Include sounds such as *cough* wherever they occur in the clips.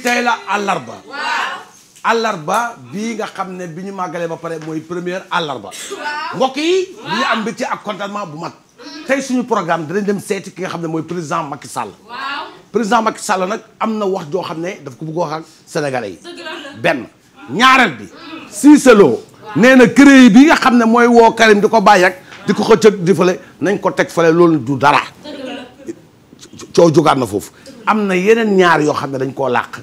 bi tey la àllarba. àllarba bii nga xam ne bi ñu màggalee ba pare mooy première àllarba. mbokk yi ñu am mbégte ak contentement bu mag. tey suñu programme danañ dem seeti ki nga xam ne mooy président Macky Sall. président Macky Sall nag am na wax joo xam ne daf ko bëgg wax ak yi. benn ñaareel bi. Cissé Lo nee na créé bii nga xam ne mooy woo Karim di ko bàyyi ak di ko xëcc di fële nañ ko teg fale loolu du dara. coow jógaat na foofu am na yeneen ñaar yoo xam ne dañ koo làq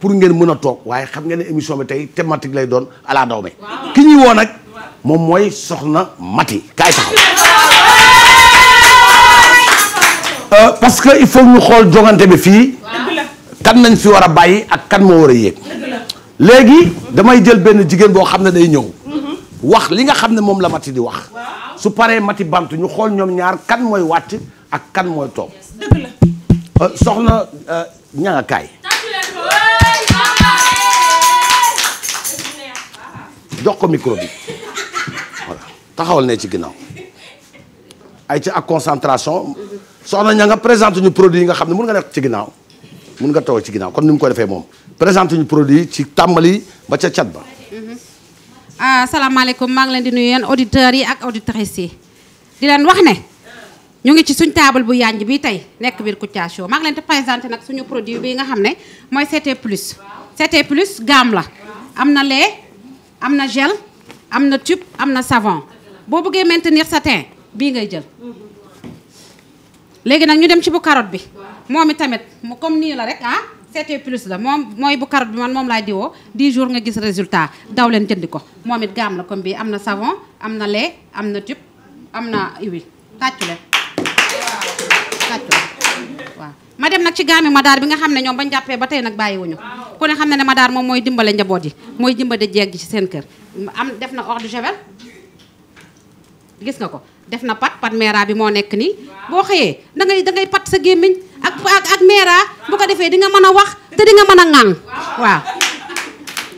pour ngeen mën a toog waaye xam ngeen ne émission bi tey thématique lay doon ala daw me ki ñuy woo nag moom mooy soxna Mati kaay taxaw euh, parce que il faut ñu xool jongante bi fii kan nañ fi war a bàyyi ak kan moo war a yéeg léegi damay jël benn jigéen boo xam ne day ñëw mhm. wax li nga xam ne moom la Mati di wax su paree Mati bantu ñu xool ñoom ñaar kan mooy wàcc ak kan mooy toog soxna euh, ñanga kaay jox ko micro taxawal ne ci ginnaaw ay ci ak concentration soxna ña nga présenté ñu produit yi nga xam ne mun nga nekk ci ginnaaw mun nga toog ci ginnaaw kon ni mu ko defee moom présenté ñu produit ci tàmbali ba ca cat ba mm-hmm. asalaamaaleykum ah, maa ngi leen di nuyu yéen auditeurs yi ak auditrices yi di leen wax ne ñu ngi ci suñ taabal bu yànj bi tey nekk biir Kouthia Show maa ngi leen di présenté nag suñu produit bi nga xam ne mooy CT plus CT plus gamme la am na lee am na gel am na tube am na savon boo bëggee maintenir sa teint bii ngay jël léegi nag ñu dem ci bu carotte bi moom itamit mu comme nii la rek ah CT plus la moom mooy bu carotte bi man moom laay diwoo 10 jours nga gis résultat daw leen jëndi ko moom it gamme la comme bii am na savon am na lait am na tube am na huile tàccu leen ma dem nag ci gaami Madaar bi nga xam ne ñoom bañ jàppee ba tey nag bàyyiwuñu ku ne xam ne ne Madaar moom mooy dimbale njaboot yi mooy dimbale jeeg gi ci seen kër am def na eau de nga ko def na pat pat bi moo nekk nii boo xëyee da ngay da pat sa gémmiñ ak ak ak meera bu ko defee di nga mën a wax te di nga mën a ŋàng waaw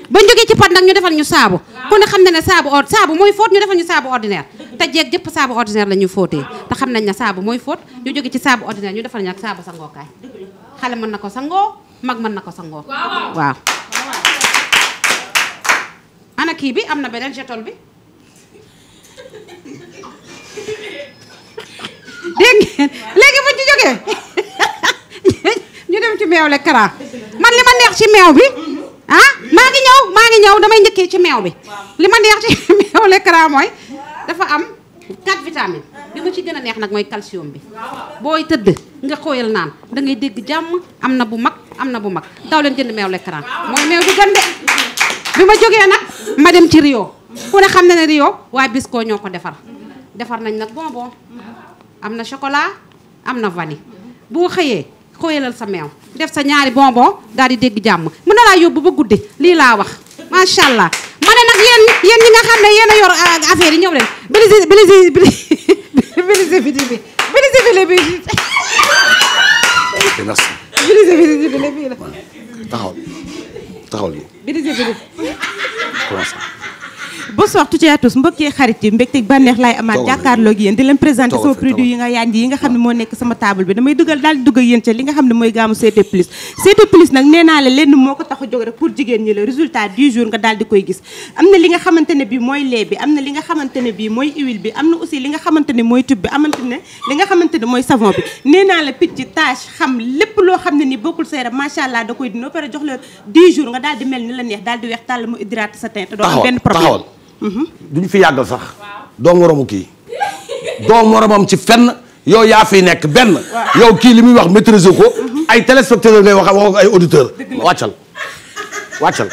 bañ jógee ci pat nag ñu defal ñu saabu ku ne xam ne ne saabu or saabu mooy fóot ñu defal ñu saabu ordinaire te jeeg jëpp saabu la ñuy fóotee xam nañ ne saabu mooy fóot ñu jóge ci saabu ordinaire ñu defal ñak saabu sangookaay xale na ko sangoo mag mën na ko sangoo waaw ana kii bi am na beneen jetol bi dégg ngeen léegi bu ci jógee *laughs* ñu man li ma neex ci meew bi ah maa ngi ñëw maa ngi ñëw damay njëkkee ci meew bi li ma neex ci *laughs* meew le kara mooy dafa am quatre vitamines bi ma ci gën a neex nag mooy calcium bi booy tëdd nga xooyal naan dangay ngay dégg jàmm am na bu mag am na bu mag daw leen jënd meew l'écran mooy meew du gën de bi ma jógee nag ma dem ci Rio ku ne xam na ne Rio waaye Bisco ñoo ko defar defar nañ nag bonbon am na chocolat am na vanille boo xëyee xooyalal sa meew def sa ñaari bonbon dal di dégg jàmm mën na laa yóbbu ba guddi lii laa wax macha allah. ma ne nag yéen yéen ñi nga xam ne yéen a yor ah, affaire yi ñëw leen Belise Belise Belise Viti *laughs* bi Belise Viti bi. ok merci. Belise Viti bi la. taxawal taxawal. Belise Viti. commencé. bonsoir tout à tous mbokki xarit yi mbégteeg bànneex laay amaat jàkkaarloo gi yéen di leen présenté sama produit yi nga yaañ ne moo nekk sama table bi damay dugal daal di dugg yéen ca li nga xam ne mooy gaamu CT plus CT plus ko tax a jóg koy gis am na li nga xamante ne mooy lait bi am na li nga xamante ne bi mooy huile bi am na aussi li nga xamante ne mooy tub bi amante ne li nga xamante ne mooy savon bi nee naa la picc tâche xam lépp loo xam ne ni bokkul sa yaram macha allah da koy dina opéré jox la 10 jours nga daal di mel ni la neex daal di weex tàll mu hydrate sa teint te doo am benn problème duñ fi yàggal sax. doo moromu kii doo moromam ci fenn yow yaa fiy nekk benn. yow kii li muy wax maîtriser ko. ay téléspectateur ngay wax ak ay auditeur wàccal wàccal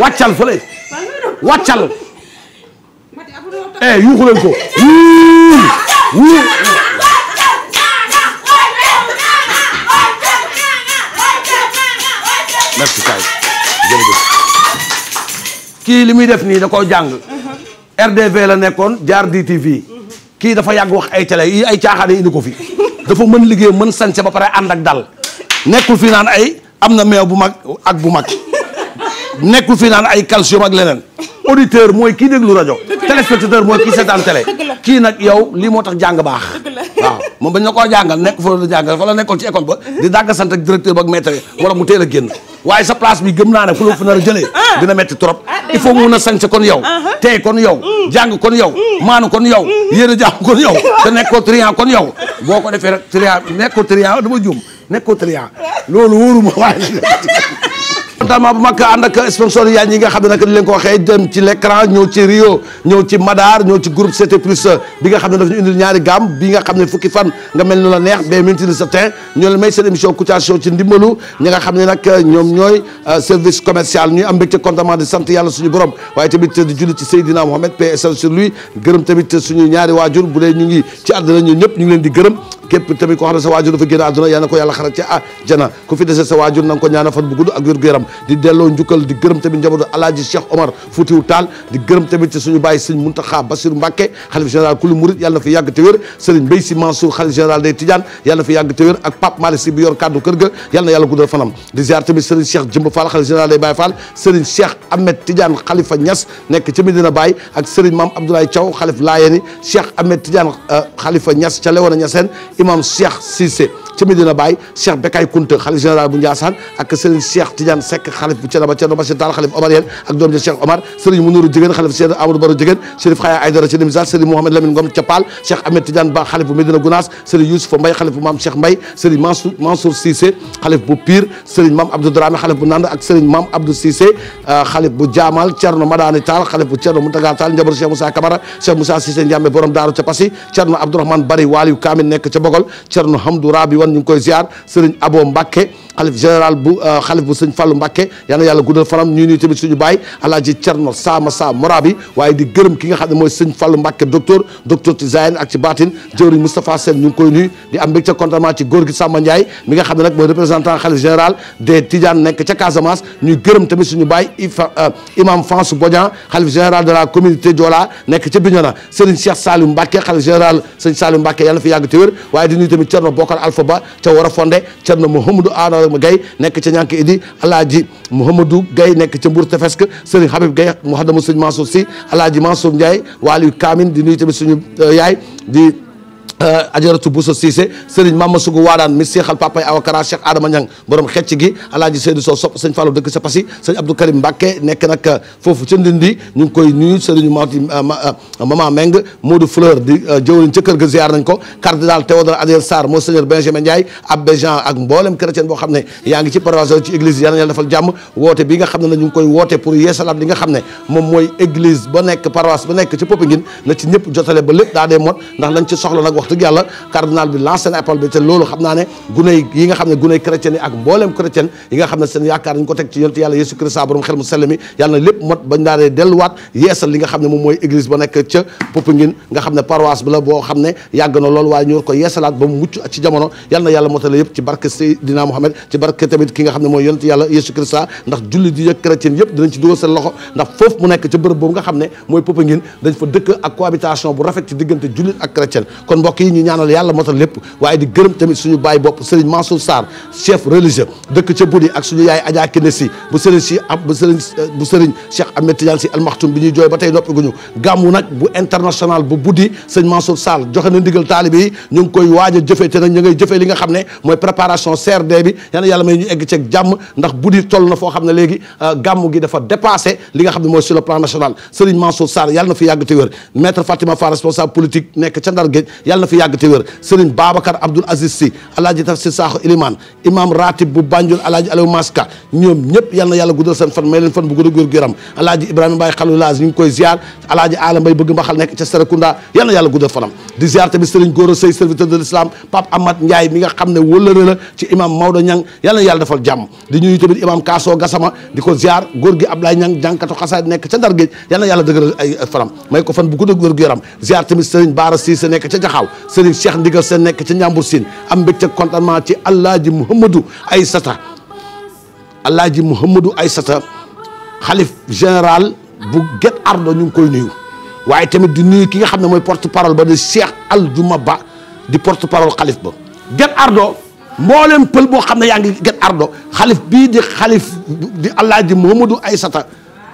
wàccal fële wàccal. eh yuuxu leen ko. merci kay jërëjëf kii li muy def nii da koo jàng rdv la nekkoon jaar DTV kii dafa yàgg wax ay télé yi ay caaxaan yi indi ko fi dafa mën liggéey mën sañse ba pare ànd ak dal nekkul fi naan ay am na meew bu mag ak bu mag nekkul fi naan ay calcium ak leneen auditeur mooy kii déglu rajo téléspectateur mooy kii seetaan télé kii nag yow lii moo tax jàng baax moom bañ na koo jàngal nekk fa la jàngal fa la nekkoon ci école ba di dàgg sant ak ba ak mu teel a génn waaye sa place bi gëm naa ne ku la fa nar a jëlee ah. Ah. dina metti trop ah, il faut mun a sañse kon yow tey kon yow mm. jàng kon yow mm. maanu kon yow yéen a jàng kon yow *laughs* te nekkoo triant kon yow boo ko defee rek triant nekkoo triant dama juum nekkoo triant loolu wóoruma waaye *laughs* notamment bu mag ànd ak sponsor yaa ñi nga xam ne nag leen ko waxee dem ci l'écran ñëw ci Rio ñëw ci Madar ñëw ci groupe CT plus bi nga xam ne daf ñu indil ñaari gaam bi nga xam ne fukki fan nga mel ni la neex ba minti le certain ñoo la may seen émission Kouthia Show ci ndimbalu ñi nga xam ne nag ñoom ñooy euh, service commercial ñuy am mbégte contentement di sant yàlla suñu borom waaye tamit di julli ci Seydina Mohamed gërëm tamit suñu ñaari waajur bu dee ñu ngi ci àdduna ñun ñëpp ñu ngi leen di gërëm képp tamit koo xam ne sa waajur dafa di delloo njukkal di gërëm tamit njabootu alaaji Cheikh Omar Foutiou Tall di gërëm tamit ci suñu bàyyi sëñ Muntaxa Basiru Mbàkke xalif général kuli murit yàlla na fi yàgg te wér sëriñ Mbay Si Mansour xalif général day Tidiane fi yàgg te wér ak Pape Malick Si bi yor kàddu kër ga yàlla na yàlla guddal fanam di ziar tamit sëriñ Cheikh Jëmb Fall xalif général day Baye Fall sëriñ Cheikh Ahmed Tidiane xalifa Niass nekk ca Medina Baye ak sëriñ Mame Abdoulaye Thiaw xalif Laayeni Cheikh Ahmed Tidiane xalifa euh, Niass ca Léona Niassène imam Cheikh ca Medina Baye Cheikh Bekay Kounta xalif général bu Ndiassane ak Serigne Cheikh Tidiane Seck xalif bu Thiénaba Thierno Bachir Tall xalif Omar yeen ak doom ji Cheikh Omar Serigne Mounirou Diegane xalif Cheikh Amadou Baro Diegane Chérif Khaya Aïdara ca Nimza Serigne Mouhamed Lamine Ngom ca Pal Cheikh Ahmed Tidiane Ba xalif bu Medina Gounass Serigne Youssouf Mbaye xalif bu Mame Cheikh Mbaye Serigne Mansour Mansour Cissé xalif bu Pire Serigne Mame Abdou Dramé xalif bu Nanda ak Serigne Mame Abdou Cissé euh, xalif bu Jaamal Thierno Madani Tall xalif bu Thierno Mountaga Tall njaboot Cheikh Moussa Camara Cheikh Moussa Cissé Ndiamé borom daaru ca Passy Thierno Abdourahmane Bari Waliou Kamil nekk ca Bogol Thierno Hamdou Rabi wan ñu ngi koy ziar sëriñ Abo Mbacke xalif général bu euh, xalif bu sëñ Fallou Mbacke yal na yàlla guddal faram ñuy nuyu tamit suñu baay Cerno Sama Sa Morabi waaye di gërëm ki nga xam ne mooy sëñ Fallou Mbacke docteur docteur ci zayen ak ci baatin jëwriñ Moustapha Sène ñu ngi koy nuyu di am mbégte contentement ci góor gi Samba Ndiaye mi nga xam ne nag mooy représentant xalif général des Tidiane nekk ca Casamance ñuy gërëm tamit suñu baay euh, imam Fansou Bodian xalif général de la communauté Diola nekk ca Bignona sëriñ Cheikh Saliou Mbacke xalif général sëñ Saliou Mbacke yàlla na fi yàgg te ba ca war a fonde Cerno Mouhamadou Anor Gaye nekk ca ñànk idi alaaji Mouhamadou Gaye nekk ca Mbour Tefesk Serigne Habib Gaye mu xadamu sëñ si alaaji Mansour Ndiaye waaliyu Kaamin di nuyu tamit suñu euh, yaay Euh, ajaratu Bousso Cissé Serigne Mama Sugu Waadaan mi seexal papay Awakara Cheikh Adama Niang borom xecc gi alaaji Seydou Sow sopp sëñ Fallou dëkk sa pasi sëñ Abdou Karim Mbacke nekk nag euh, foofu ca Ndindi ñu ngi koy nuyu Serigne euh, Mama Meng Modou Fleur di jëwriñ ca kër ga nañ ko cardinal Théodore Adrien Sarr Monseigneur Benjamin Ndiaye abbé ak mboolem chrétien boo xam ne yaa ngi ci paroisse ci église yal na yàlla defal jàmm woote bi dëgg yàlla cardinal bi lancé na bi loolu xam naa ne guney yi ak mbooleem chrétien yi nga xam ne seen yaakaar ñu nga xam ne mooy église ba nekk ca Popenguine nga xam ne paroisse bi la boo xam ne yàgg na loolu waaye ñu ko yeesalaat ba mu mucc ci jamono yàlla yàlla motale yëpp ci barke Seydina Muhammad ci barke tamit ki nga xam ne mooy yonent yàlla Yeesu Christ ndax julli di yëg chrétien yëpp ci dugal seen loxo ndax foofu mu nekk ca mbokk yi ñu ñaanal yàlla motal lépp waaye di gërëm tamit suñu baay bopp Serigne Mansour Sarr chef religieux dëkk ca Budi ak suñu yaay Adja si bu Serigne si bu Serigne eh, bu bi ñuy jooy ba tey noppi guñu gàmmu nag bu international bu Budi sëñ Mansour Sarr joxe na ndigal taalibe yi ñu ngi koy waaj a jëfee te nag ñu ngay jëfee li nga xam ne mooy préparation CRD bi yana yàlla may ñu egg ceeg jàmm ndax Budi toll na foo xam ne léegi eh, gàmmu gi dafa dépassé li nga na fi yàgg te wér maître na fi yàgg te wér sëriñ Babacar Abdoul Aziz Sy alaaji Tafsir Sakho Iliman imam ratib bu Banjul alaaji Aliou Maska ñoom ñëpp yal na yàlla guddal seen fan may leen fan bu gudd góor yaram alaaji Ibrahima Mbaye Khalil Laaz ñu ngi koy ziar alaaji Aala Mbaye bëgg mbaxal nekk ca Serekunda yal na yàlla guddal fanam di ziar tamit mi nga xam ne wëllëre la ci imam Maodo jàmm di ñuy tamit imam Kasso ko ziar góor gi Ablaye Niang jànkatu xasaay nekk ca Ndar Géej yal na yàlla dëgëral ay faram may ko fan bu gudd góor yaram ziar tamit sëriñ Baara Serigne Cheikh Ndigal Sène nekk ci Njàmbur Sine am mbégte contentement ci Alaaji Mouhamadou Aysata Alaaji Mouhamadou Aysata xalif général bu Guet Ardo ñu ngi koy nuyu waaye tamit di nuyu ki nga xam ne mooy porte parole ba di Cheikh Aldiouma Ba di porte parole xalif ba Guet Ardo mboolem pël boo xam ne yaa ngi Guet Ardo xalif bii di xalif di Alaaji Mouhamadou Aysata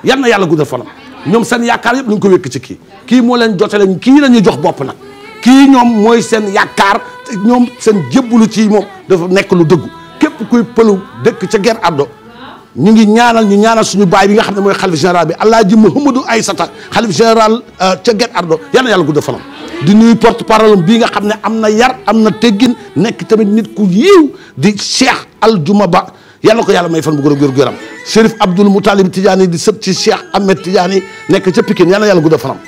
yan na yàlla guddal fanam ñoom seen yaakaar yëpp lu ñu ko wékk ci kii kii moo leen jotale kii la ñuy jox bopp nag kii ñoom mooy seen yaakaar ñoom seen jébbalu ci moom dafa nekk lu dëgg képp kuy pëlu dëkk ca Guet Ardo ñu ngi ñaanal ñu ñaanal suñu baay bi nga xam ne mooy xalif général bi Alaaji Mouhamadou sata xalif général euh, ca Guet Ardo yal na yàlla gudd fanam di nuyu porte parole bii nga xam ne am na yar am na teggin nekk tamit nit ku yiiw di Cheikh Aldiouma Ba yàlla ko yàlla may fan bu gën a góor góoram Chérif Abdoul Moutalib Tidiane di sëp ci Cheikh Ahmed Tidiane nekk ca Pikine yal na yàlla gudd fanam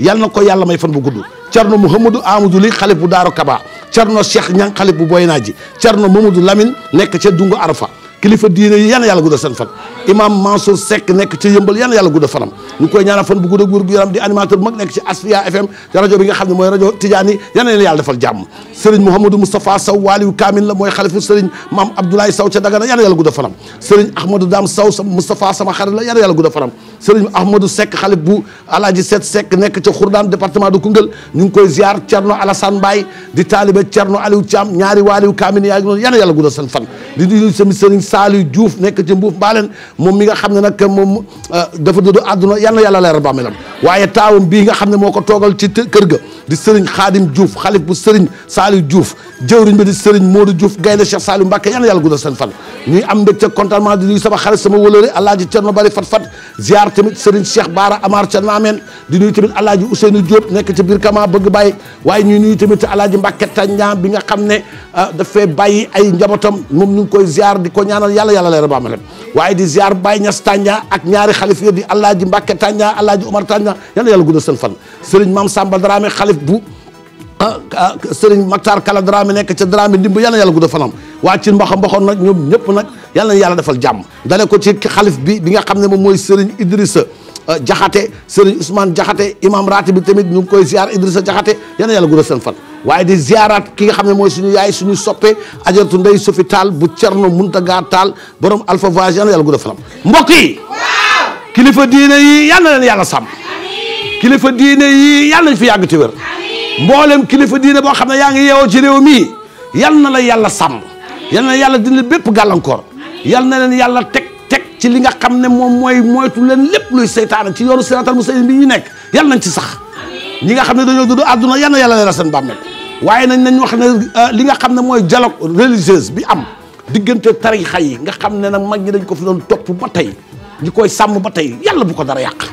yal na ko yàlla may fan bu gudd Thierno Mouhamadou Amadou Li xalif bu Daaru Kaba Thierno Cheikh Ñang xalif bu Boynaaji Thierno Mamadou Lamine nekk ca Dungu Arafa kilifa diine yi yal na yàlla gudd seen fan imam Mansour Seck nekk ca yëmbal yal na yàlla gudd fanam ñu koy ñaanal fan bu gudd ak wér yaram di animateur bu mag nekk ci Asfiya FM rajo bi nga xam ne mooy rajo Tidiane yal na leen yàlla defal jàmm sëriñ Mouhamadou Moustapha Sow waaliyu Kaamil la mooy xalifu sëriñ maam Abdoulaye Sow ca Dagana yàlla yàlla gudda fanam sëriñ Ahmadou Dame Sow sa Moustapha sama la yàlla yàlla gudda fanam sëriñ Ahmadou Seck xalif bu Alaaji Seet Seck nekk ca Xurdaan département de Koungheul ñu ngi koy ziar Thierno Alassane Mbaye di taalibe Thierno Aliou Thiam ñaari waaliyu Kaamil yaa ngi noonu yàlla yàlla gudda seen fan di nuyu sami sëriñ Saliou Diouf nekk ci Mbuuf Mbaaleen moom mi nga xam ne nag moom euh, dafa dëddu àdduna yàlla yàlla leer bàmmeelam waaye taawam bii nga xam ne moo ko toogal ci kër ga di sëriñ Khadim Diouf xalif bu sëriñ Saliou Diouf jëwriñ bi di Serigne Modou Diouf gaynde Cheikh Saliou Mbacké yal na yàlla guddal seen fan ñuy am mbégte contentement di nuyu sama xarit sama wëlëre alaaji Cerno Bari Fat Fat ziar tamit Serigne Cheikh Baara Amar ca Naameen di nuyu tamit alaaji Ousseynou Diop nekk ci biir Kama bëgg bàyyi waaye ñuy nuyu tamit alaaji Mbacké Tandian bi nga xam ne ah, dafay bàyyi ay njabootam moom ñu ngi koy ziar di ko ñaanal yàlla yàlla leer ba ma leen waaye di ziar Baye Niass Tandian ak ñaari xalif yi di alaaji Mbacké Tandian alaaji Omar Tandian yal na yàlla guddal seen fan Serigne Mame Samba Dramé xalif bu ah, ah sëriñ Makhtar Kala Dramé nekk ca Dramé dimb yal na yàlla gudd fanam waa ci mbaxa mbaxoon nag ñoom ñëpp nag yal na yàlla defal jàmm dale ko ci xalif bi bi nga xam ne moom mooy sëriñ Idrissa Jaxate ah, sëriñ Ousmane Jaxate imam raati bi tamit ñu ngi koy ziar Idrissa Jaxate yal na yàlla gudd waaye di ziaraat ki nga xam ne mooy suñu yaay suñu soppe ajartu ndey Sofi Taal bu Cerno Muntaga Taal borom Alpha Voyage yal na yàlla gudd fanam mbokk kilifa diine yi yal na leen yàlla fi yàgg ci wér mboolem kilifa diine boo xam ne yaa ngi yeewoo ci réew mi yal na la yàlla sàmm yal na yàlla dindi bépp gàllankoor yal na leen yàlla teg teg ci li nga xam ne moom mooy moytu leen lépp luy seytaane ci yoonu siraatal mustaqiim bi ñu nekk yal nañ ci sax ñi nga xam ne dañoo dudd àdduna yal na yàlla leeral seen bàmmeel waaye nañ nañ wax ne euh, li nga xam ne mooy dialogue religieuse bi am diggante tarixa yi nga xam ne na mag ñi dañ ko fi doon topp ba tey ñi koy sàmm ba tey yàlla bu ko dara yàq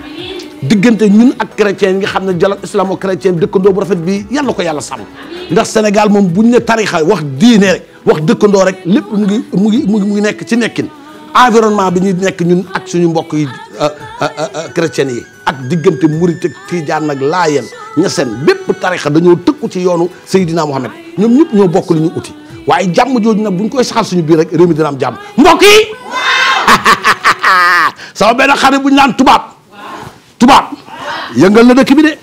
diggante ñun ak chrétien yi nga xam ne dialogue islamo-chrétien bi dëkkandoo bu rafet bi yàlla ko yàlla sàmm ndax Sénégal moom bu ñu ne tarixa wax diine wax dëkkandoo rek lépp mu ngi mu ngi mu ngi nekk ci nekkin environnement bi ñuy nekk ñun ak suñu mbokk yi euh, euh, euh, chrétiens yi ak diggante murit ak tiijaan nag laayeen ñasen bépp tarixa dañoo tëkku ci yoonu Seydina Muhammad ñoom ñëpp ñoo bokk li ñu uti waaye jàmm jooju nag bu ñu koy saxal suñu biir rek réew mi dina jàmm mbokk yi *laughs* sama benn bu ñu naan tubaab yëngal na dëkk bi de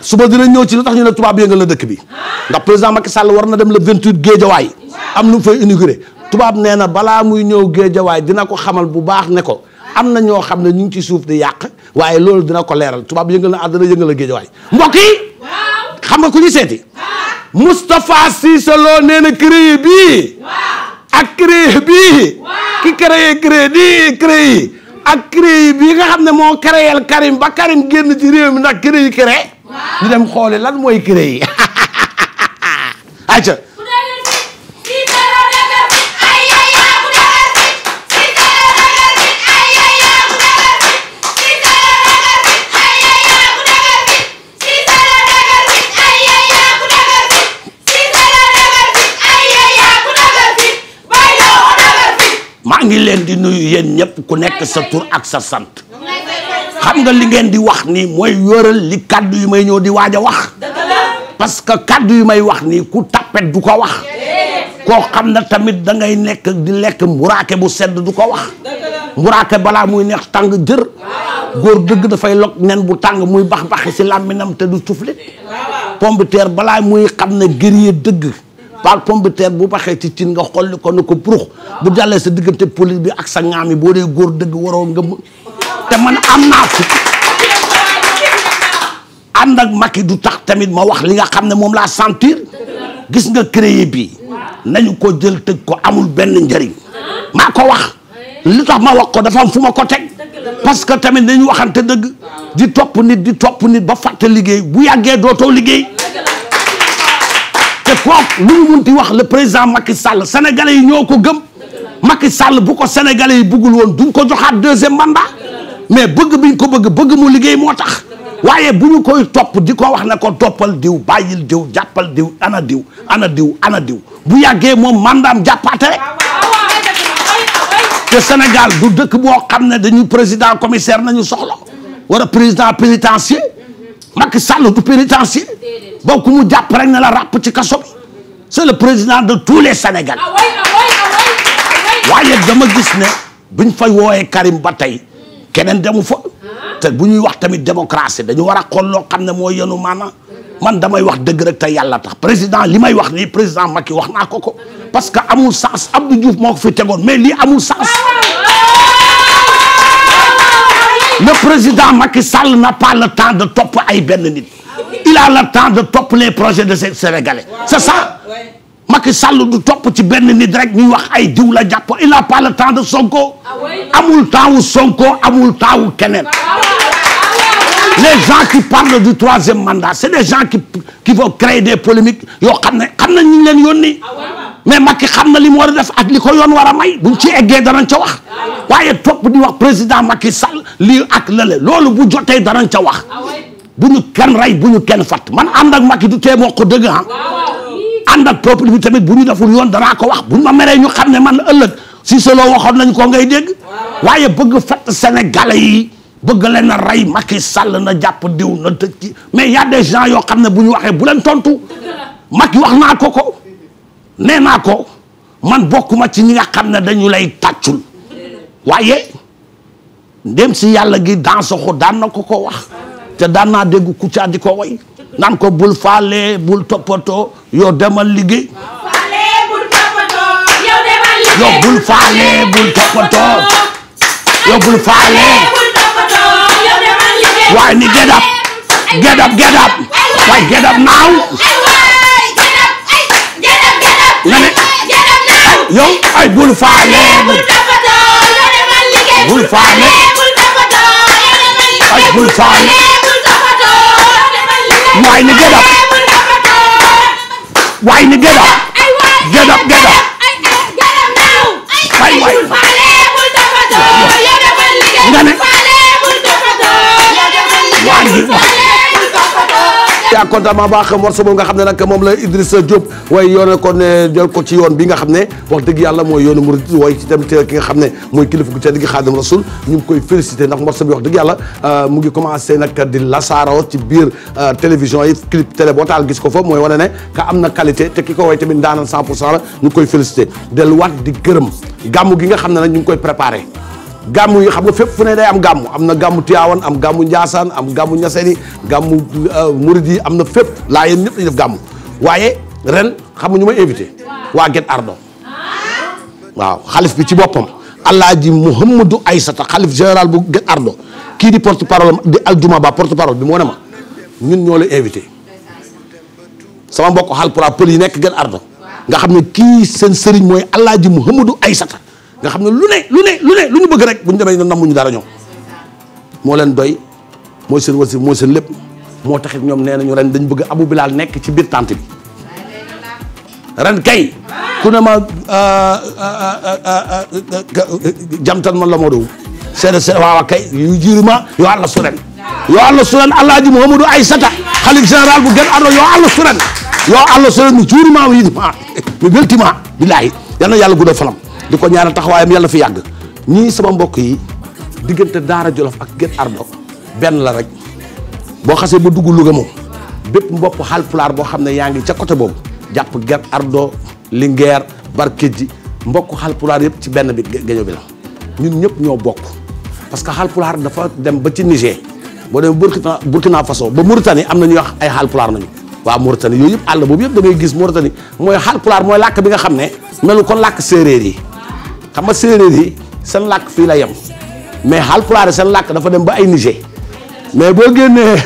suba dinañ ñëw ci lu tax ñu ne tubaab yëngal na dëkk bi ndax président Macky Sall war na dem le 28 géejawaay am lu mu fay inauguré tubaab nee na balaa muy ñëw géejawaay dina ko xamal bu baax ne ko am na ñoo xam ne ñu ngi ci suuf di yàq waaye loolu dina ko leeral tubaab yëngal na àddina yëngal na géejawaay mbokk xam nga ku ñu seeti Moustapha Cissé Lo nee na créé bii ak créé bii ki créé créé di créé ak CREI bi nga xam ne moo créel Karim ba Karim génn ci réew mi ndax CREI CREI ñu dem xooli lan mooy CREI yi acca *laughs* maa ngi leen di nuyu yéen ñëpp ku nekk sa tur ak sa sant xam nga li ngeen di wax ni mooy wéral li kàddu yu may ñëw di waaj a wax parce que kàddu yu may wax ni ku tappet du ko wax koo xam na tamit dangay nekk di lekk mburaake bu sedd du ko wax mburaake balaa muy neex tàng jër góor dëgg dafay log nen bu tàng muy bax baxi si làmminam te du tuflit pomme de balaa muy xam na gërie dëgg par pomme de terre bu baxee ci cin nga xolli ko ne ko prux bu jàllee sa diggante police bi ak sa ŋaam boo dee góor dëgg waroo nga te man am naa fi ànd ak du tax tamit ma wax li nga xam ne moom laa sentir gis nga créé bi nañu ko jël tëj ko amul benn njëriñ maa ko wax lu tax ma wax ko dafa am ma ko teg parce que tamit nañu waxante dëgg di topp nit di topp nit ba fàtte liggéey bu yàggee dootoo liggéey toog lu mu munti wax le président Macky Sall sénégalais yi ñoo ko gëm Macky Sall bu ko sénégalais yi bëggul woon duñ ko joxaat deuxième mandat mais bëgg biñ ko bëgg bëgg mu liggéey moo tax waaye bu ñu koy topp di ko wax na ko toppal diw bàyyil diw jàppal diw ana diw ana diw ana diw bu yàggee moom mandaam jàppaate rek te Sénégal du dëkk boo xam ne dañu président commissaire nañu soxla wala président pénitencier Macky Sall du pénitencier boo ku mu jàpp rek na la ràpp ci kaso c'est le président de tous les Sénégalais. waaye dama gis ne buñ fay wooyee Karim ba tey keneen demu fa. te bu ñuy wax tamit démocratie dañu war a xool loo xam ne mooy yenu maana man damay wax dëgg rek te yàlla tax président li may wax nii président Macky wax naa ko ko parce que amul sens Abdou Diouf moo ko fi tegoon mais lii amul sens. le président Macky Sall n'a pas le temps de topp ay benn nit. il a le temps de topp les projets de ces Sénégalais. waaw c'est ça. Macky Sall du topp ci benn nit rek ñuy wax ay diw la jàpp il n'a pas le temps de Sonko. Ah amul temps wu Sonko amul temps wu keneen. Ah ah les gens qui parlent du troisième mandat c'est des gens qui qui vont créer des polémiques yoo xam ne xam nañ ñu leen yónni mais Macky xam na li mu war a def ak li ko yoon war a may buñ ci eggee danañ ca wax waaye topp di wax président Macky Sall lii ak lële loolu bu jotee danañ ca wax. bu ñu kenn rey bu ñu kenn fat man ànd ak makki du tee wax dëgg ah. ànd ak peuple bi tamit bu ñu deful yoon danaa ko wax bu ñu ma meree ñu xam ne man ëllëg si solo waxoon nañ ko ngay dégg. waaye bëgg fat Sénégalais yi bëgg leen na rey Macky Sall na jàpp diw na tëj mais y a des gens yoo xam ne bu ñu waxee bu leen tontu Macky wax naa ko ko nee naa ko man bokkuma ci ñi nga xam ne dañu lay tàccul waaye ndem si yàlla gi dans soxo daan na ko ko wax. te daan naa dégg Kouthia di ko way naan ko bul faale bul toppatoo yow demal liggéey. yow bul faale bul toppatoo yow bul faale. waaye ni get up get up get up waaye get up now. nga ne yow ay bul faale bul faale ay bul faale. Why you get up? Why you get up? Get up, get up. Get up now. Why, why? Nga ne. Why you get up? ci ak contentement baax morceau boobu nga xam ne nag moom la Idrissa Diop waaye yoone ko ne jël ko ci yoon bi nga xam ne wax dëgg yàlla mooy yoonu murid waaye ci tamit ki nga xam ne mooy kilifa gu tedd gi Xaadim Rasul ñu ngi koy félicité ndax morceau bi wax dëgg yàlla euh, mu ngi commencé nag di lasaaroo ci biir euh, télévision yi clip télé boo taal gis ko fa mooy wane ne ka am na qualité te ki ko way tamit ndaanaan 100 pour cent la ñu ngi koy félicité delluwaat di gërëm gàmmu gi nga xam ne nag ñu ngi koy préparé gàmmu yi xam nga fépp fu ne day am gàmmu am na gàmmu Tiwaawan am gàmmu Njaasaan am gàmmu Ñaseen gàmmu euh, Murid yi am na fépp laa yéen ñëpp dañu def gàmmu waaye ren xam nga ñu may invité waa Guet Ardo waaw xalif bi ci boppam Alaaji Mouhamadou Aysata xalif général bu Guet Ardo kii di porte parole di Aljuma Ba porte parole bi moo ne ma ñun ñoo la invité sama mbokk Haalpulaar pël yi nekk Guet Ardo nga xam ne kii seen sëriñ mooy Alaaji Mouhamadou Aysata nga ne lu ne lu ne lu ne lu ñu bëgg rek bu ñu demee nammuñu dara ñoom moo leen doy moo seen wasi moo seen lépp moo taxit ñoom nee nañu ren dañ bëgg Abou Bilal nekk ci biir bi ren kay ku ne ma euh, euh, euh, jamtan man la moo dow seede seede waawa kay yu jiruma yo allah suren yo allah suren alhaji mouhamadou bu gën aduna allah suren yo allah suren mi juurima mi yidima mi beltima billahi yal na yàlla guddal fanam di ko ñaanal taxawaayam yàlla fi yàgg ñii sama mbokk yi diggante Daara Jolof ak Guet Ardo benn la rek boo xasee ba dugg Louga moom bépp mbopp Haalpulaar boo xam ne yaa ngi ca côté boobu jàpp Guet Ardo Linguère Barkedji mbokk Haalpulaar yëpp ci benn bi géejo bi la ñun ñëpp ñoo bokk parce que Haalpulaar dafa dem ba ci Niger boo demee Burkina Burkina Faso ba Mauritanie am na ñuy wax ay Haalpulaar nañu waa Mauritanie yooyu yëpp àll boobu yëpp da ngay gis Mauritanie mooy Haalpulaar mooy làkk bi nga xam ne melu kon làkk séeréer yi xam nga séeréer yi seen làkk fii la yem mais Haalpulaar seen làkk dafa dem ba ay Niger mais boo génnee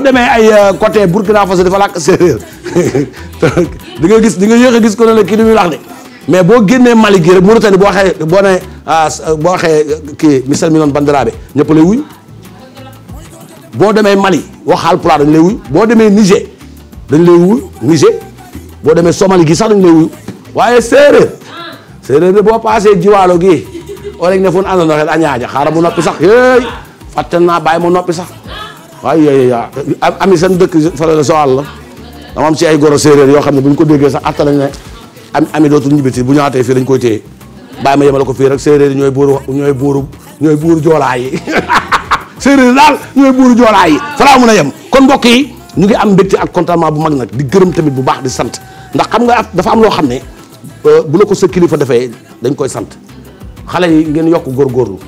*laughs* demee ay euh, côté Burkina Faso dafa làkk *laughs* di nga gis di nga yéex gis ko ne mais boo génnee Mali gii rek Mauritanie boo waxee boo nee ah, euh, boo waxee euh, kii Missel Mignone Bandaraabe ñëpp lay wuy demee Mali wax Haalpulaar dañ lay wuy boo demee Niger dañ lay wuy Niger boo demee Somalie gi sax dañ lay wuy waaye séeréer. séeréer de boo paasee jiwaalo gii wala ñu ne fu mu àndandoo xel xaaral mu noppi sax yéey fàtte naa bàyyi mu noppi sax waaye yooyu yaa ami seen dëkk fële la la dama am ay goro séeréer yoo xam ne bu ñu ko déggee sax atta nañ ne am dootu ñu ñibbiti bu ñaatee fii dañ koy téye bàyyi ma yemale ko fii rek séeréer yi ñooy buuru ñooy buuru ñooy buuru joolaa yi *laughs* séeréer daal ñooy buuru joolaa yi falaa mun a yem kon mbokk yi ñu ngi am mbégte ak contentement bu mag nag di gërëm tamit bu baax di sant ndax xam nga dafa am loo xam ne Euh, bu la ko sa kilifa defee dañ koy sant xale yi ngeen yokk góorgóorlu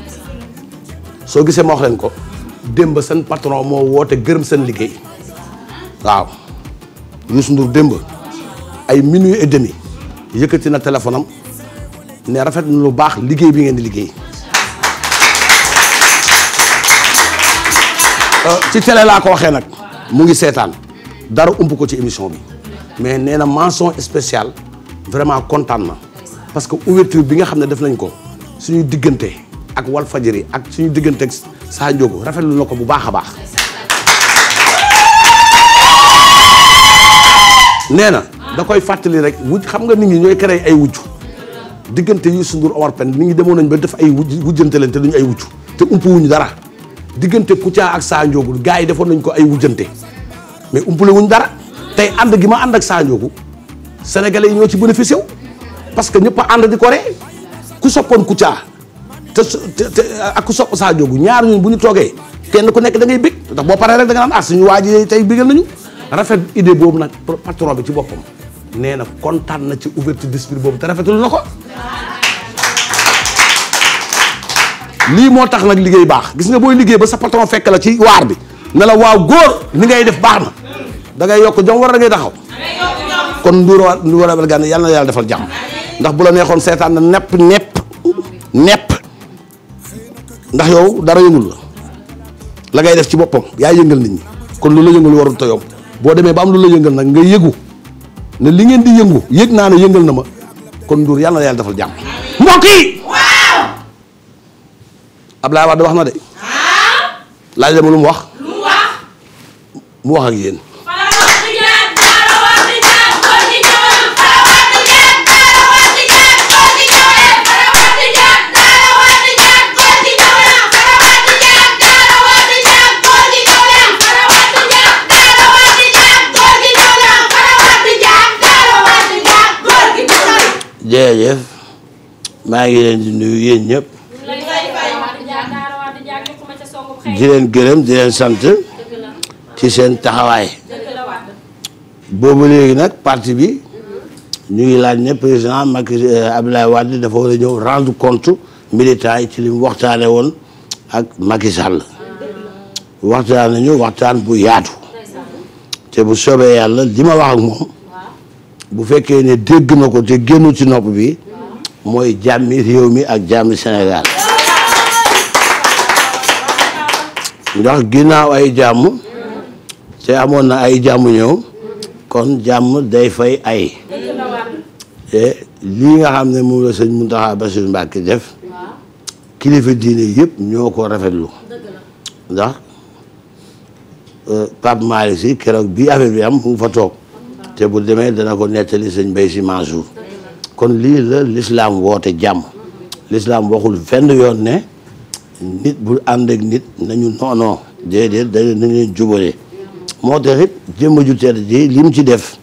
soo gisee ma wax leen ko démb seen patron moo woote gërëm seen liggéey waaw Youssou Ndour démb ay minuit et demi yëkkati na téléphone am ne rafet na lu baax liggéey bi ngeen di liggéey euh, ci télé laa ko waxee nag mu ngi seetaan dara ump ko ci émission bi mais nee na mention spéciale vraiment kontaan na parce que ouverture bi nga xam ne def nañ ko suñu diggante ak Walfadjri ak suñu diggante ak Sa Ndiogou rafetlu na ko bu baax a baax. nee na da koy fàttali rek wujj xam nga nit ñi ñooy créé ay wujj diggante Youssou Ndour Omar Pène nit ñi demoon nañ ba def ay wujj wujjante leen te duñu ay wujj te umpuwuñu dara diggante Kouthia ak Sa Ndiogou gars yi defoon nañ ko ay wujjante mais umpule wuñ dara tey ànd gi ma ànd ak Sa Ndiogou sénégalais yi ñoo ci bénéficié wu parce que ñëpp a ànd di ko ree ku soppoon Kouthia te ak ku sopp Sadio Gu ñaar ñun bu ñu toogee kenn ku nekk dangay ngay ndax boo paree rek da nga naan ah, suñu waa tey bégal nañu rafet idée boobu nag patron bi ci boppam nee na kontaan na ci ouverture d'esprit boobu te rafetul na ko. lii moo tax nag liggéey baax gis nga booy liggéey ba sa patron fekk la ci waar bi ne la waaw góor ni ngay def baax na da ngay yokk jom war da ngay taxaw. kon Ndour wa Ndour Rabel Gane yàlla na yàlla defal jàmm ndax bu la neexoon seetaan na nepp nepp nepp ndax yow dara yëngul la la ngay def ci boppam yaa yëngal nit ñi kon lu la yëngal warul te boo demee ba am lu la yëngal na nga yëgu ne li ngeen di yëngu yëg naa ne yëngal na ma kon Ndour yàlla na yàlla defal jàmm mbokk yi. waaw. Abdoulaye Wade wax na de. laaj la lu mu wax. mu wax. ak yéen. jërëjëf maa ngi leen di nuyu yéen ñëpp di leen gërëm di leen sant ci seen taxawaay boobu léegi nag partie bi ñu ngi laaj ne président Macky euh, Abdoulaye Wade dafa war a ñëw rendre compte militant yi ci li waxtaane woon ak Macky Sall waxtaan nañu waxtaan bu yaatu te bu soobee yàlla li ma wax ak moom bu fekkee ne dégg na ko te génnu ci nopp bi mooy jàmmi réew mi ak jàmmi Sénégal ndax ginnaaw ay jàmm te amoon na ay jàmm ñëw kon jàmm day fay ay te lii nga xam ne moom la sëñ Mountakha Bassirou Mbacké def kilifa diine yëpp ñoo ko rafetlu ndax euh, Pape Malick si keroog bii affaire bi am mu fa toog te bu demee dana ko nettali sëñ Mbaye Sy Mansour kon lii la l'islam woote jàmm lislaam waxul fenn yoon ne nit bu ànd ak nit nañu noonoo déedéet dañu nañ leen jubale moo tax it jëmm ju tedd ji li ci def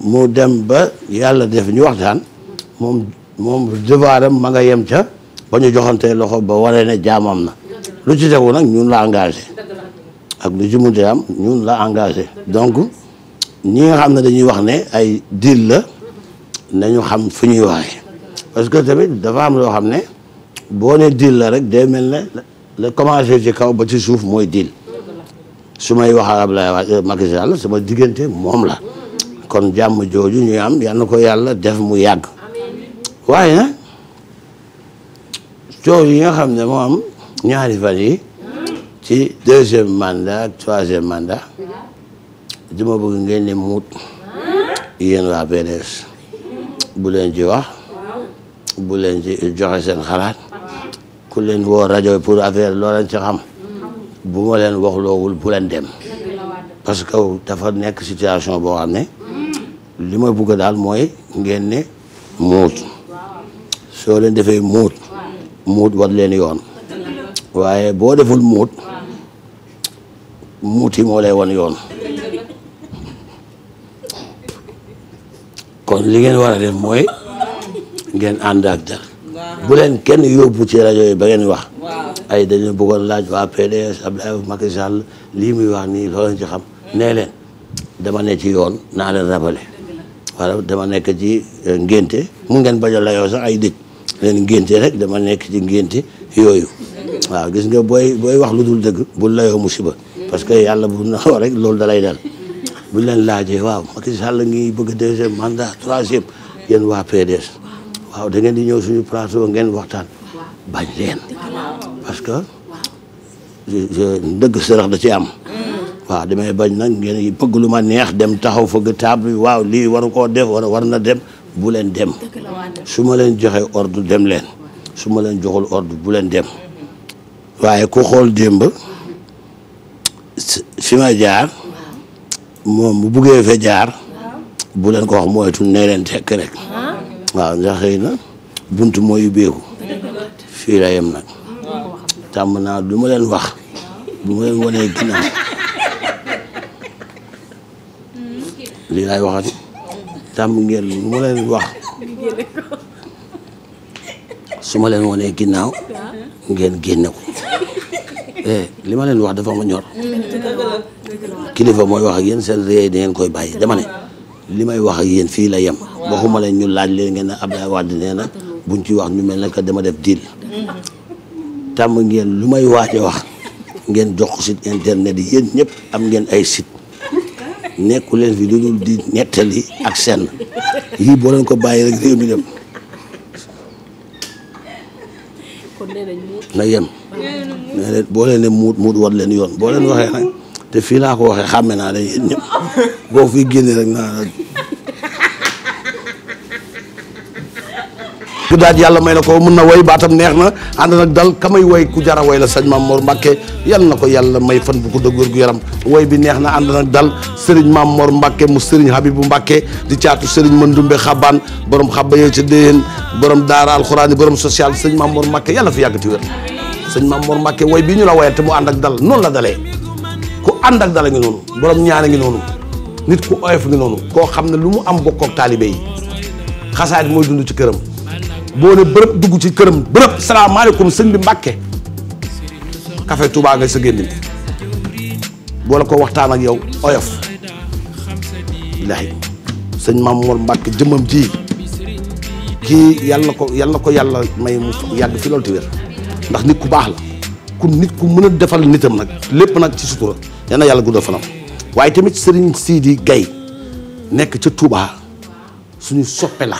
mu dem ba yàlla def ñu waxtaan moom moom devoiram ma nga yem ca ba ñu joxantee loxo ba waree ne jaamam na lu ci tegu nag ñun la engagé ak lu ci munte am ñun la engagé donk ñi nga xam ne dañuy wax ne ay diil la nañu xam fu ñuy waxee parce que tamit dafa am loo xam ne boo ne diil la rek day mel ne la commencé ci kaw ba ci suuf mooy diil su may wax Abdoulaye euh, Macky Sall sama diggante moom la kon jàmm jooju ñuy am yal ko yàlla def mu yàgg waaye nag coow yi nga xam ne moo am ñaari fan yi ci deuxième mandat troisième mandat dama bëgg ngeen ne muut yéen waa PDS bu leen wax bu leen joxe seen xalaat ku leen woo rajo pour affaire loo leen ci xam bu ma leen wax loowul bu leen dem parce que dafa nekk situation boo xam ne li ma bugg daal mooy ngeen ne muut soo leen defee muut muut war leen yoon waaye boo deful muut muut yi moo lay wan yoon kon li ngeen war a def mooy ngeen ànd ak dal bu leen kenn yóbbu ci rajo yi ba ngeen wax ay dañu bëggoon laaj waa PDS Abdoulaye Macky Sall lii muy wax nii loolu ci xam nee leen dama ne ci yoon naa leen rappelé wala dama nekk ci euh, ngénte mu ngeen bañ a layoo sax ay dëj leen ngénte rek dama nekk ci ngénte yooyu waaw gis nga booy booy wax lu dul dëgg bu layoo musiba parce que yàlla bu *laughs* na rek loolu dalay dal bu ñu leen laajee waaw Macky Sall ngi bëgg a deuxième mandat troisième yéen waa PDS waaw da ngeen di ñëw suñu plateau ngeen waxtaan bañ leen parce que ndëgg sërëx da ci am waaw damay bañ nag ngeen bëgg lu ma neex dem taxaw fëgg table bi waaw lii waru koo def war war na dem bu leen dem su ma leen joxe ordre dem leen su ma leen joxul ordre bu leen dem waaye ku xool démb fi ma moom bu buggee fe jaar ah. bu leen ko wax moytu ne leen tekk rek ah. waaw ndax na bunt mooy ubbeeku fii la yem nag tàmm naa lu ma leen wax bu ma leen wanee hmm. lii laay waxati tàmm ngeen lu wax su ma leen wanee ginnaaw ah. ngeen génne ko eh, li ma leen wax dafa ma ñor hmm. kilifa mooy wax ak yéen seen réew da ngeen koy bàyyi dama ne li may wax ak yéen fii la yem waxuma leen ñu laaj leen ngeen ne Abdoulaye Wade nee na buñ ci wax ñu mel naka dama def diil tàmm ngeen lu may waaj a wax ngeen jox site internet yi yéen ñëpp am ngeen ay site nekku leen fi lu dul di nettali ak seen yii boo leen ko bàyyi rek réew mi dem na yem boo leen muut muut war leen yoon boo leen waxee nag te fii laa ko waxee xàmme naa day yéen ñëpp boo fi génne rek naa la. ku daaj yàlla may na ko mën na woy baatam neex na ànd nag dal kamay woy ku jara woy la sëñ Maam Mor Mbàkke yal na ko yàlla may fan bu ko dëgg wér gu yaram woy bi neex na ànd nag dal Serigne Maam Mor Mbàkke mu Serigne Habibu Mbàkke di caatu Serigne Mandumbe Xabaan borom xaba yooyu ca déyeen borom daara alxuraan yi borom social sëñ Maam Mor Mbàkke yàlla fi yàggati wér sëñ Maam Mor Mbàkke woy bi ñu la woyal te mu ànd ak dal noonu la dalee ku ànd ak dala ngi noonu borom ñaara ngi noonu nit ku oyof ngi noonu koo xam ne lu mu am bokkook taalibe yi xasaayit mooy dund ci këram boo ne bërëb dugg ci këram bërëb salaamaaleykum sëñ bi mbàkke café Touba nga sa génn boo la ko waxtaan ak yow oyof bilahi sëñ Mamour Mbàkke jëmmam ji kii yàlla na ko yàlla na ko yàlla may mu yàgg fi loolu ndax nit ku baax la ku nit ku mën a defal nitam nag lépp nag ci sutura yal na yàlla guddal fanam waaye tamit sëriñ siidi gay nekk ca tuubaa suñu soppe la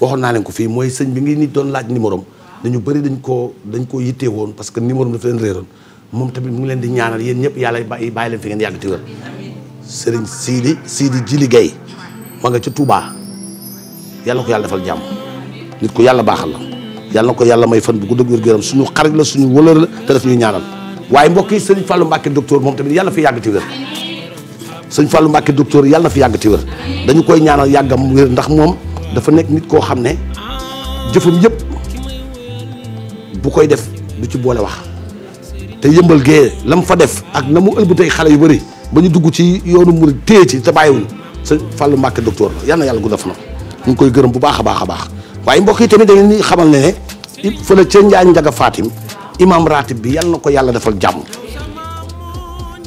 waxoon naa leen ko fii mooy sëñ bi ngi nit doon laaj numéro dañu bari dañ koo dañ koo yittee woon parce que numéro am dafa leen réeroon moom tamit mu leen di ñaanal yéen ñëpp yàlla bàyyi bàyyi leen fi ngeen yàgg ci wér Serigne Sidi Sidi Jili Gaye ma nga ca Touba yàlla ko yàlla defal jàmm nit ko yàlla baaxal la yàlla ko yàlla may fan bu gudd ak wér gu yaram suñu xarit la suñu wëlër la te daf ñuy ñaanal waaye mbokk yi sëñ Fallou Mbacke docteur moom tamit yàlla fi yàgg ti sëñ Fallou Mbacke docteur yàlla fi yàgg ti dañu koy ñaanal yàggam wér ndax moom dafa nekk nit koo xam ne jëfam yëpp bu koy def du ci boole wax te yëmbal gee lam fa def ak na mu ëlbatey xale yu bëri ba ñu dugg ci yoonu murid téye ci te bàyyiwuñu sëñ Fallou Mbacke docteur yàlla na yàlla gudd fan ñu ngi koy gërëm bu baax a baax a baax fële ca Njaañ Njaga Fatim imaam ratib bi yal na ko yàlla defal jàmm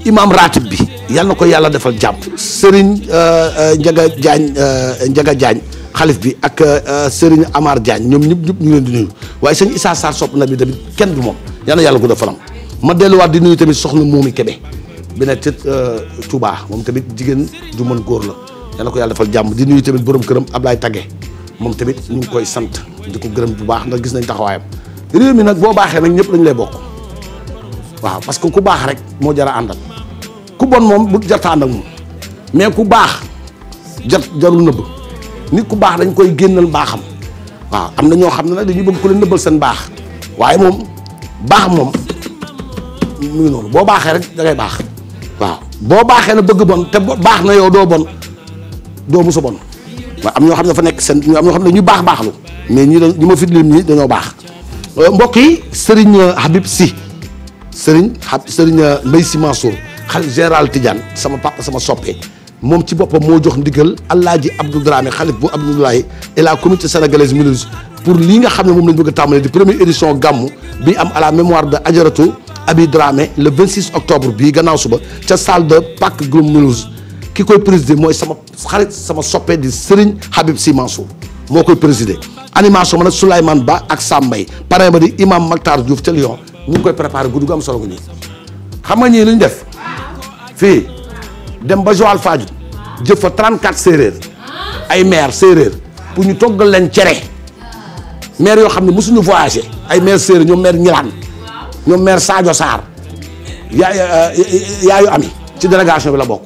imaam ratib bi yal na ko yàlla defal jàmm Serigne euh, euh, Njaga Jaañ euh, Njaga Jaañ xalif bi ak Serigne amaar Diagne ñoom ñëpp ñëpp ñu leen di nuyu waaye sëñ Issa Sarr sopp na bi tamit kenn du moom yal yàlla gudd fanam ma delluwaat di nuyu tamit soxna Moomi Kebe bi nekk ci Touba moom tamit jigéen ju mën góor la yal ko yàlla defal jàmm di nuyu tamit boroom këram ab Ablaye Tagge moom tamit ñu ngi koy sant. di ko gërëm bu baax ndax gis nañ taxawaayam réew mi nag boo baaxee nag ñëpp dañ lay bokk waaw parce que ku baax rek moo jar a àndal ku bon moom bu jarta ànd moom mais ku baax jar jarul nëbb nit ku baax dañ koy génnal baaxam waaw am na ñoo xam ne nag dañuy bëgg ku leen nëbbal seen baax waaye moom baax moom mu ngi noonu boo baaxee rek da baax waaw boo baaxee na bëgg bon te baax na yow doo bon doo musa bon am ñoo xam ne fa nekk seen am ñoo xam ne ñu baax baaxlu mais ñi doon ñi ma fi lim ñi dañoo baax euh, mbokk yi euh, Habib Sy Serigne Habib Serigne euh, Mbaye xalif général Tidiane sama papa sama soppe moom ci boppam moo jox ndigal Alaaji Abdou Dramé xalif bu Abdoulaye et la communauté sénégalaise mulise pour lii nga xam ne moom lañ bëgg a tàmbalee di première édition gàmmu bi am à la mémoire de Adjaratou Abi Dramé le 26 octobre bii gannaaw suba ca salle de Pâques Gloum Mulhouse ki koy présider mooy sama xarit sama soppee di Serigne Habib Sy Mansour moo koy présider animation ma nag Souleymane Ba ak Sambay parrain ba di imam Mactar Diouf ca Lyon ñu ngi koy préparé guddi gu am solo gu nii xam nga ñii lu ñu def fii dem ba Joal Fadiouth jëf fa 34 séeréer ay maire séeréer pour ñu toggal leen cere maire yoo xam ne mosuñu voyagé ay maire séeréer ñoom maire Ngiraan ñoom maire Sadio Sarr yaa yaayu ami ci délégation bi la bokk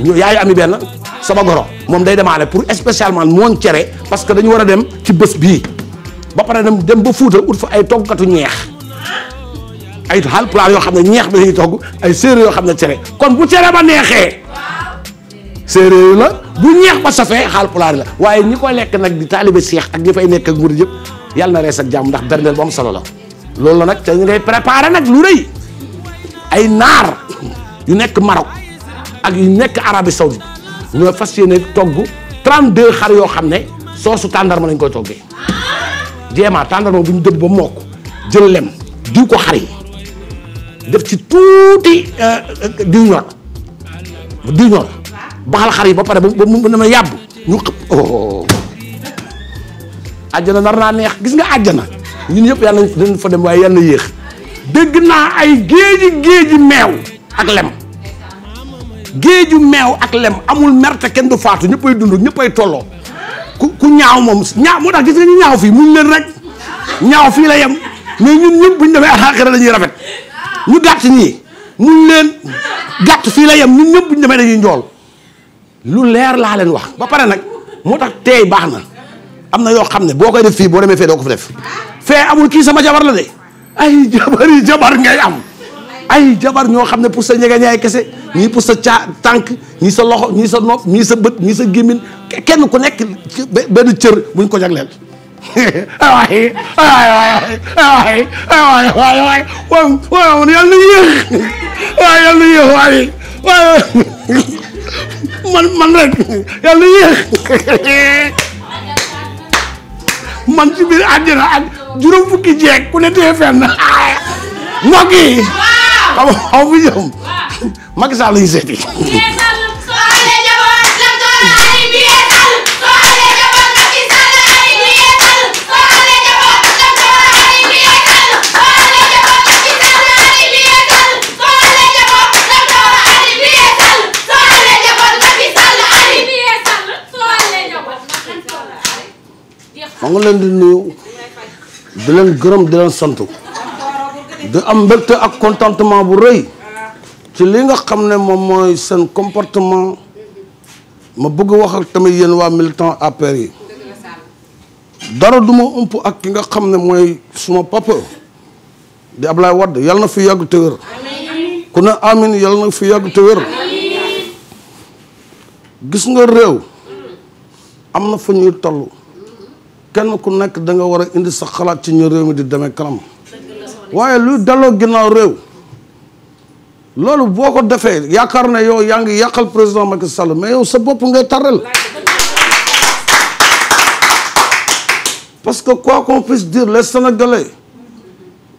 ñu yaayu ami benn sama goro moom day demaale pour spécialement moom cere parce que dañu war a dem ci bës bii ba pare dem dem ba Fuuta ut fa ay toggkatu ñeex ay Haalpulaar yoo xam ne ñeex bi dañuy togg ay séeréer yoo xam ne cere kon bu cere ba neexee séeréer la bu ñeex ba safee Haalpulaar la waaye ñi koy lekk nag di taalibe seex ak ñi fay nekk ak murid yëpp yàlla na rees ak jàmm ndax berndeel bu am solo la loolu la nag ay naar yu nekk Maroc ak yu nekk Arabie Saoudite ñoo fas yéene togg 32 xar yoo xam ne soosu tàndarma lañ koy toggee jéema tàndarma bu ñu dëbb ba mokk jël lem diw ko xar yi def ci tuuti euh, diw ñor diw ñor baxal xar yi ba pare ba mu dama yàbb ñu xëpp oh. àjjana nar naa neex gis nga àjjana ñun yëpp yàlla nañ fa dem waaye yàlla na yéex dëgg naa ay géeji géeji meew ak lem géeju meew ak lem amul merte kenn du faatu ñëppay dund ñëppay tolloo ku ku ñaaw moom ñaaw moo tax gis nga ñu ñaaw fii muñ leen rek ñaaw fii la yem mais ñu ñëpp buñ demee àllaaxira la ñuy rafet ñu gàtt ñii muñ leen gàtt fii la yem ñun ñëpp buñ demee dañuy njool lu leer laa leen wax ba pare nag moo tax teey baax na am na yoo xam ne boo koy def fii boo demee fee doo ko fa def fee amul kii sama jabar la de ay jabar yi jabar ngay am ay jabar ñoo xam ne pour sa ñegeñaay kese ñii pour sa caa tànk ñii sa loxo ñii sa nopp ñii sa bët ñii sa gémmin kenn ku nekk benn cër buñ ko jagleel *laughs* ay waay ay man man rek yàlla na yéex *laughs* man ci biir àjjana ak juróom fukki jeeg ku ne fenn mbokk xam nga xaw ma jëm. Macky Sall la ñuy seeti. ma ngi leen di nuyu di leen gërëm di leen sant. di am mbégte ak contentement bu rëy ci li nga xam ne moom mooy seen comportement ma bëgg wax ak tamit yéen waa militant APR yi dara du ma ëmp ak ki nga xam ne mooy suma papa di Ablaye Wade yàlla na fi yàgg te wér ku ne amin yàlla na fi yàgg te wér gis nga réew am na fu ñuy toll kenn ku nekk da nga war a indi sa xalaat ci ñu réew mi di demee kanam waaye lu daloo ginnaaw réew loolu boo ko defee yaakaar na yow yaa ngi yàqal président Macky Sall mais yow sa bopp ngay tarrel parce que quoi qu'on puisse dire les sénégalais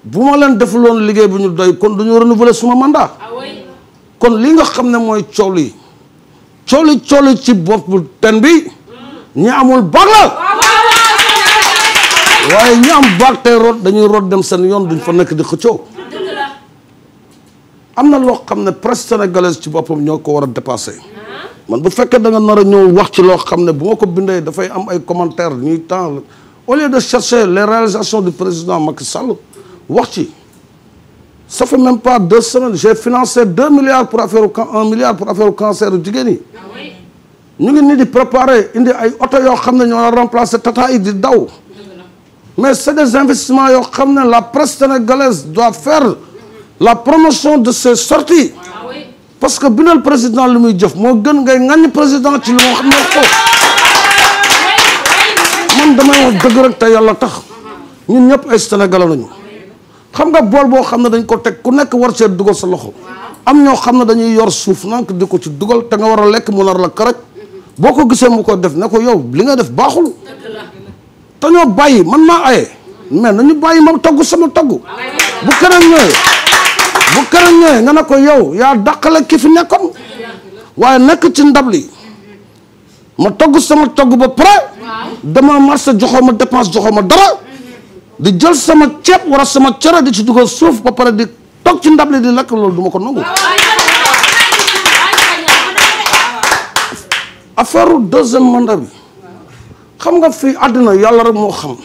bu ma leen defuloon liggéey bu ñu doy kon du ñu renouveler suma mandat ah kon li nga xam ne mooy coow li coow li ci bopp ten bi ñu amul bag waaye ñu am baag tey root dañuy root dem seen yoon duñ fa nekk di xëccoo am na loo xam ne presse sénégalaise ci boppam ñoo ko war a dépassé man bu fekkee da nga nar a ñëw wax ci loo xam ne bu ma ko bindee dafay am ay commentaires ñuy temps au lieu de chercher les réalisations du président Macky Sall wax ci ça fait même pas deux semaines j'ai financé deux milliards pour affaire un milliard pour affaire cancer jigéen yi ah ñu ngi nii di préparer indi ay oto yoo xam ne ñoo la remplacer tata yi di daw mais c'est des investissements yoo xam na la presse sénégalaise doit fair la promotion de ses sorties ah parce que bindal président lu muy jëf moo gën ngay ŋàññ président ci lu ma xam ne ko man damay wax dëgg rek te yàlla tax ñun ñëpp ay sénégalais lañu xam nga bool boo xam ne dañ ko teg ku nekk war see dugal sa loxo am ñoo xam ne dañuy yor suuf nank di ko ci dugal te nga war a lekk mu nar la karaj boo ko gisee mu ko def ne ko yow li nga def baaxul te ñoo bàyyi man maa aye nañu bàyyi ma togg sama togg bu keneen ñëwee nga ne ko yow yaa dàqale ki fi nekkoon waaye nekk ci ndab li ma togg sama togg ba pare dama marché joxoo ma dépense joxo ma dara di jël sama ceeb wala sama cere di ci dugal suuf ba pare di toog ci ndab li di lekk loolu du ma ko nangu affaire deuxième mandat bi xam nga fii àddina yàlla rek moo xam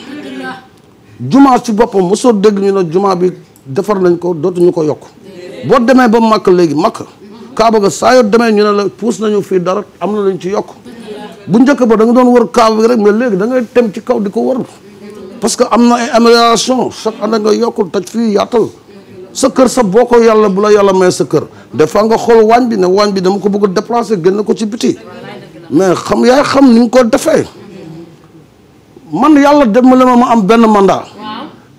jumaa ci boppam mosoo dégg ñu ne jumaa bi defar nañ ko dootuñu ko yokk boo demee ba màkk léegi màkk kaaba ga saa yoo demee ñu ne la puus nañu fii dara am na luñ ci yokk bu njëkk ba danga doon war kaaba bi rek mais léegi da ngay tem ci kaw di ko wër parce que am na ay amélioration chaque année nga yokkul taj fii yaatal sa kër sax boo ko yàlla bu la yàlla may sa kër des fois nga xool waañ bi ne waañ bi dama ko bëgg a déplacer génn ko ci biti mais xam yaay xam ni ko defee man yàlla dimbali ma ma am benn mandat.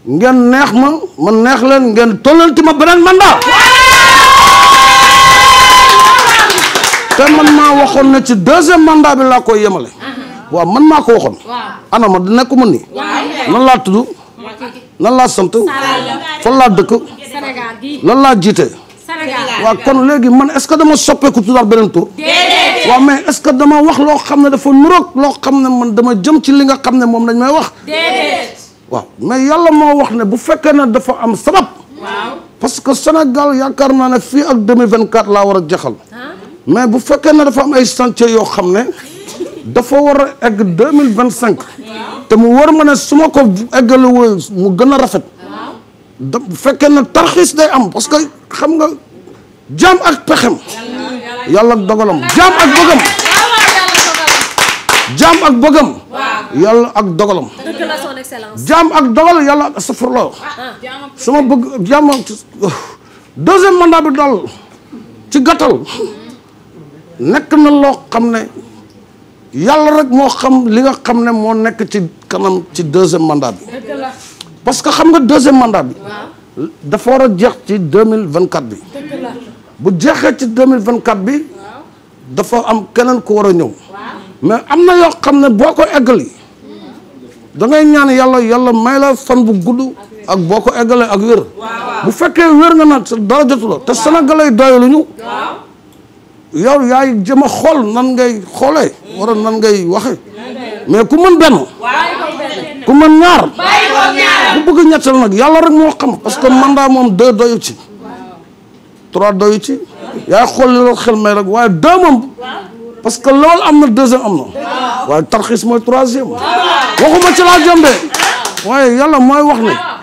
ngeen neex ma ma neex leen ngeen tollanti ma beneen mandat. te man maa waxoon ne ci deuxième mandat bi laa koy yemale. Uh-huh. waaw man maa ko waxoon. ana ma nekk ma nii. nan laa tudd. nan laa sant. fan laa dëkk. lan laa jiite. waaw kon léegi man est ce que dama soppeeku tuddaat beneen tur waaw mais est ce que dama wax loo xam ne dafa nuroog loo xam ne man dama jëm ci li nga xam ne moom dañ may wax waaw mais yàlla moo wax ne bu fekkee ne dafa am sabab parce que Sénégal yaakaar naa ne fii ak 2024 laa war a jaxal mais bu fekkee ne dafa am ay chantier yoo xam ne dafa war a egg 2025 te mu war ma ne su ma ko eggalu mu gën a rafet jaam ak pexem yàlla ak dogalam jaam ak bëggam jaam ak bëggam yàlla ak dogalam jaam ak dogal yàlla ak astafurloo bëgg jaam ak deuxième ci gàttal nekk na loo xam ne yàlla rek moo xam li nga xam ne moo nekk ci kanam ci deuxième mandat bi parce que xam nga deuxième mandat bi dafa war a jeex ci deux mille vingt-quatre bi bu jeexee ci vingt 2024 bi dafa am keneen ku war a ñëw mais am na yoo xam ne boo ko eggali dangay ngay ñaan yàlla yalla may la fan bu gudd ak boo ko eggalee ak wér bu fekkee wér nga nag dara jotu la te sénégalais doyaluñu yow yaay jëm a xool nan ngay xoolee wala nan ngay waxe mais ku mën benn ku mën ñaar ku bëgg ñettal nag yàlla rek moo xam parce que mandat moom deux doyu ci trois doyu ci yaay xool li loolu xel may rek waaye deux moom parce que loolu am na deuxième am na waaye tarxiis mooy troisième waxuma ci laa jombe waaye yàlla mooy wax ne